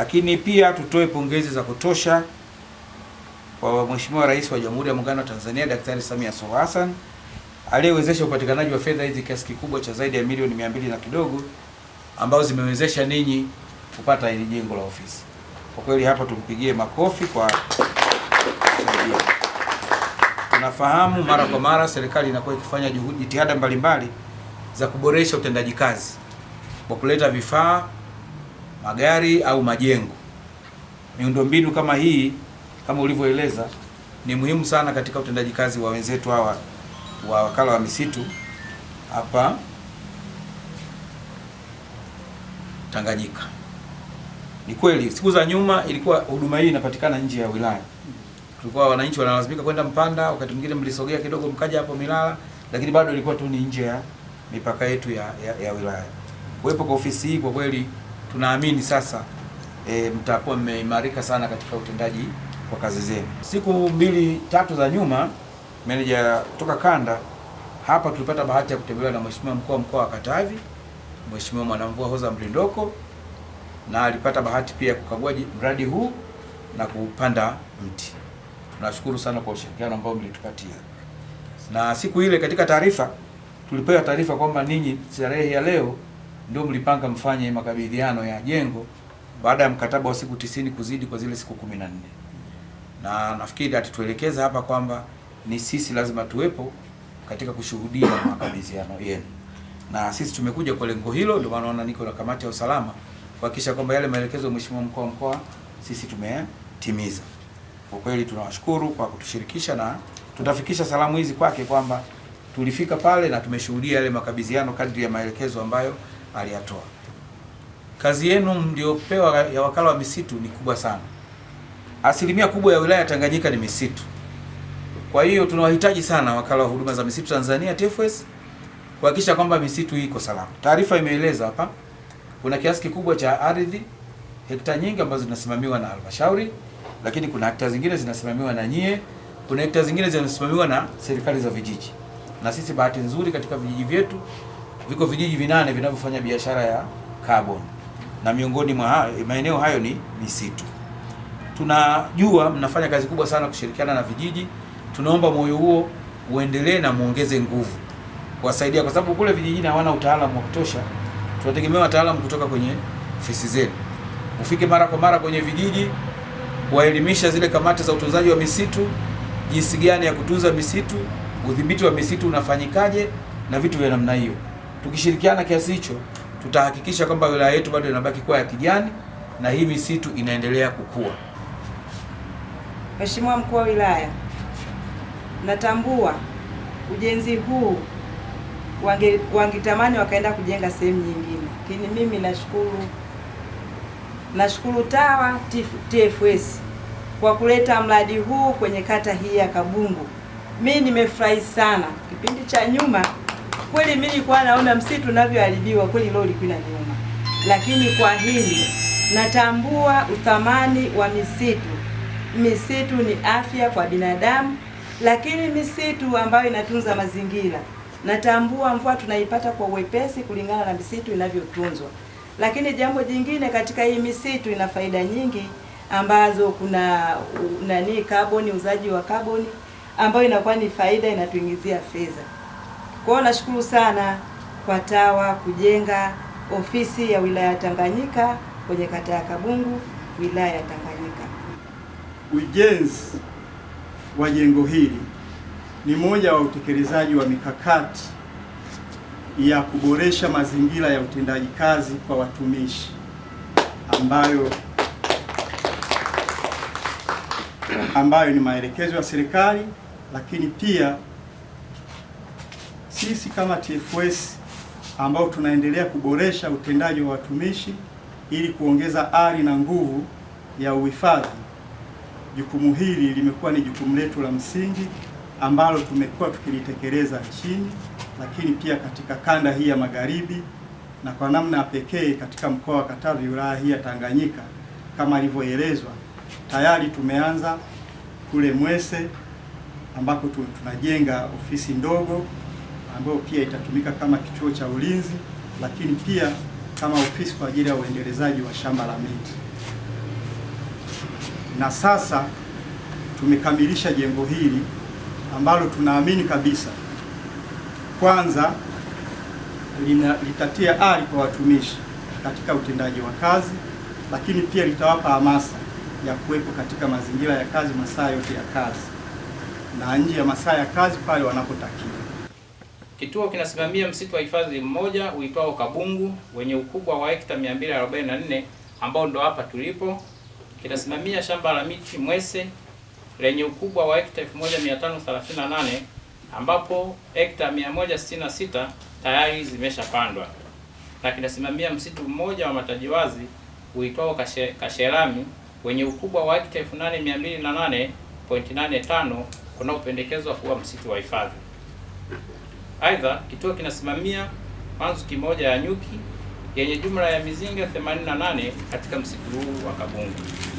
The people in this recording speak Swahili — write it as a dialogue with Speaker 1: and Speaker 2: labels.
Speaker 1: Lakini pia tutoe pongezi za kutosha kwa Mheshimiwa Rais wa Jamhuri ya Muungano wa Tanzania Daktari Samia Suluhu Hassan aliyewezesha upatikanaji wa fedha hizi kiasi kikubwa cha zaidi ya milioni mia mbili na kidogo ambazo zimewezesha ninyi kupata hili jengo la ofisi. Kwa kweli hapa tumpigie makofi kwa tunafahamu mara kwa mara serikali inakuwa ikifanya jitihada mbalimbali za kuboresha utendaji kazi kwa kuleta vifaa magari au majengo. Miundombinu kama hii kama ulivyoeleza ni muhimu sana katika utendaji kazi wa wenzetu hawa wa wakala wa misitu hapa Tanganyika. Ni kweli siku za nyuma ilikuwa huduma hii inapatikana nje ya wilaya, tulikuwa wananchi wanalazimika kwenda Mpanda, wakati mwingine mlisogea kidogo mkaja hapo Milala, lakini bado ilikuwa tu ni nje ya mipaka yetu ya, ya, ya wilaya. Kuwepo kwa ofisi hii kwa kweli tunaamini sasa e, mtakuwa mmeimarika sana katika utendaji wa kazi zenu. Siku mbili tatu za nyuma, meneja kutoka kanda hapa tulipata bahati ya kutembelewa na mheshimiwa mkuu wa mkoa wa Katavi, Mheshimiwa Mwanamvua Hoza Mlindoko, na alipata bahati pia ya kukagua mradi huu na kupanda mti. Tunashukuru sana kwa ushirikiano ambao mlitupatia, na siku ile katika taarifa tulipewa taarifa kwamba ninyi, starehe ya leo ndio mlipanga mfanye makabidhiano ya jengo baada ya mkataba wa siku tisini kuzidi kwa zile siku kumi na nne na nafikiri atatuelekeza hapa kwamba ni sisi lazima tuwepo katika kushuhudia makabidhiano yenu, na sisi tumekuja kwa lengo hilo. Ndio maana naona niko na kamati ya usalama kuhakikisha kwamba yale maelekezo ya mheshimiwa mkuu wa mkoa sisi tumeyatimiza. Kwa kweli tunawashukuru kwa kutushirikisha na tutafikisha salamu hizi kwake kwamba tulifika pale na tumeshuhudia yale makabidhiano kadri ya maelekezo ambayo aliyatoa. Kazi yenu mliopewa ya wakala wa misitu ni kubwa sana. Asilimia kubwa ya wilaya ya Tanganyika ni misitu, kwa hiyo tunawahitaji sana wakala wa huduma za misitu Tanzania TFS kuhakikisha kwamba misitu hii iko salama. Taarifa imeeleza hapa kuna kiasi kikubwa cha ardhi hekta nyingi ambazo zinasimamiwa na halmashauri, lakini kuna hekta zingine zinasimamiwa na nyie, kuna hekta zingine zinasimamiwa na serikali za vijiji, na sisi bahati nzuri katika vijiji vyetu viko vijiji vinane vinavyofanya biashara ya carbon na miongoni mwa maeneo hayo ni misitu. Tunajua mnafanya kazi kubwa sana kushirikiana na vijiji, tunaomba moyo huo uendelee na muongeze nguvu kuwasaidia, kwa sababu kule vijijini hawana utaalamu wa kutosha. Tunategemea wataalamu kutoka kwenye ofisi zenu, ufike mara kwa mara kwenye vijiji kuwaelimisha zile kamati za utunzaji wa misitu jinsi gani ya kutunza misitu, udhibiti wa misitu unafanyikaje na vitu vya namna hiyo. Tukishirikiana kiasi hicho, tutahakikisha kwamba wilaya yetu bado inabaki kuwa ya kijani na hii misitu inaendelea kukua.
Speaker 2: Mheshimiwa Mkuu wa Wilaya, natambua ujenzi huu wange, wangetamani wakaenda kujenga sehemu nyingine, lakini mimi nashukuru nashukuru TAWA TFS kwa kuleta mradi huu kwenye kata hii ya Kabungu. Mimi nimefurahi sana. Kipindi cha nyuma Kweli mimi nilikuwa naona msitu unavyoharibiwa kweli, leo ulikuwa nyuma, lakini kwa hili natambua uthamani wa misitu. Misitu ni afya kwa binadamu, lakini misitu ambayo inatunza mazingira. Natambua mvua tunaipata kwa uwepesi kulingana na misitu inavyotunzwa, lakini jambo jingine katika hii misitu ina faida nyingi ambazo kuna nani, kaboni, uzaji wa kaboni ambayo inakuwa ni faida, inatuingizia fedha. Kwa nashukuru sana kwa TAWA kujenga ofisi ya wilaya ya Tanganyika kwenye kata ya Kabungu, wilaya ya Tanganyika.
Speaker 1: Ujenzi wa jengo hili ni moja wa utekelezaji wa mikakati ya kuboresha mazingira ya utendaji kazi kwa watumishi ambayo ambayo ni maelekezo ya serikali, lakini pia sisi kama TFS ambao tunaendelea kuboresha utendaji wa watumishi ili kuongeza ari na nguvu ya uhifadhi, jukumu hili limekuwa ni jukumu letu la msingi ambalo tumekuwa tukilitekeleza nchini, lakini pia katika kanda hii ya Magharibi na kwa namna ya pekee katika mkoa wa Katavi, wilaya hii ya Tanganyika. Kama ilivyoelezwa tayari tumeanza kule Mwese ambako tunajenga ofisi ndogo ambayo pia itatumika kama kituo cha ulinzi, lakini pia kama ofisi kwa ajili ya uendelezaji wa shamba la miti. Na sasa tumekamilisha jengo hili ambalo tunaamini kabisa, kwanza lina, litatia ari kwa watumishi katika utendaji wa kazi, lakini pia litawapa hamasa ya kuwepo katika mazingira ya kazi masaa yote ya kazi na nje ya masaa ya kazi pale wanapotakiwa.
Speaker 3: Kituo kinasimamia msitu wa hifadhi mmoja uitwao Kabungu wenye ukubwa wa hekta 244 ambao ndo hapa tulipo. Kinasimamia shamba la miti Mwese lenye ukubwa wa hekta 1538 ambapo hekta 166 tayari zimeshapandwa, na kinasimamia msitu mmoja wa matajiwazi uitwao kashe, Kasherami wenye ukubwa wa hekta 8208.85 unaopendekezwa kuwa msitu wa hifadhi. Aidha, kituo kinasimamia panzu kimoja ya nyuki yenye jumla ya mizinga 88 katika msitu huu wa Kabungu.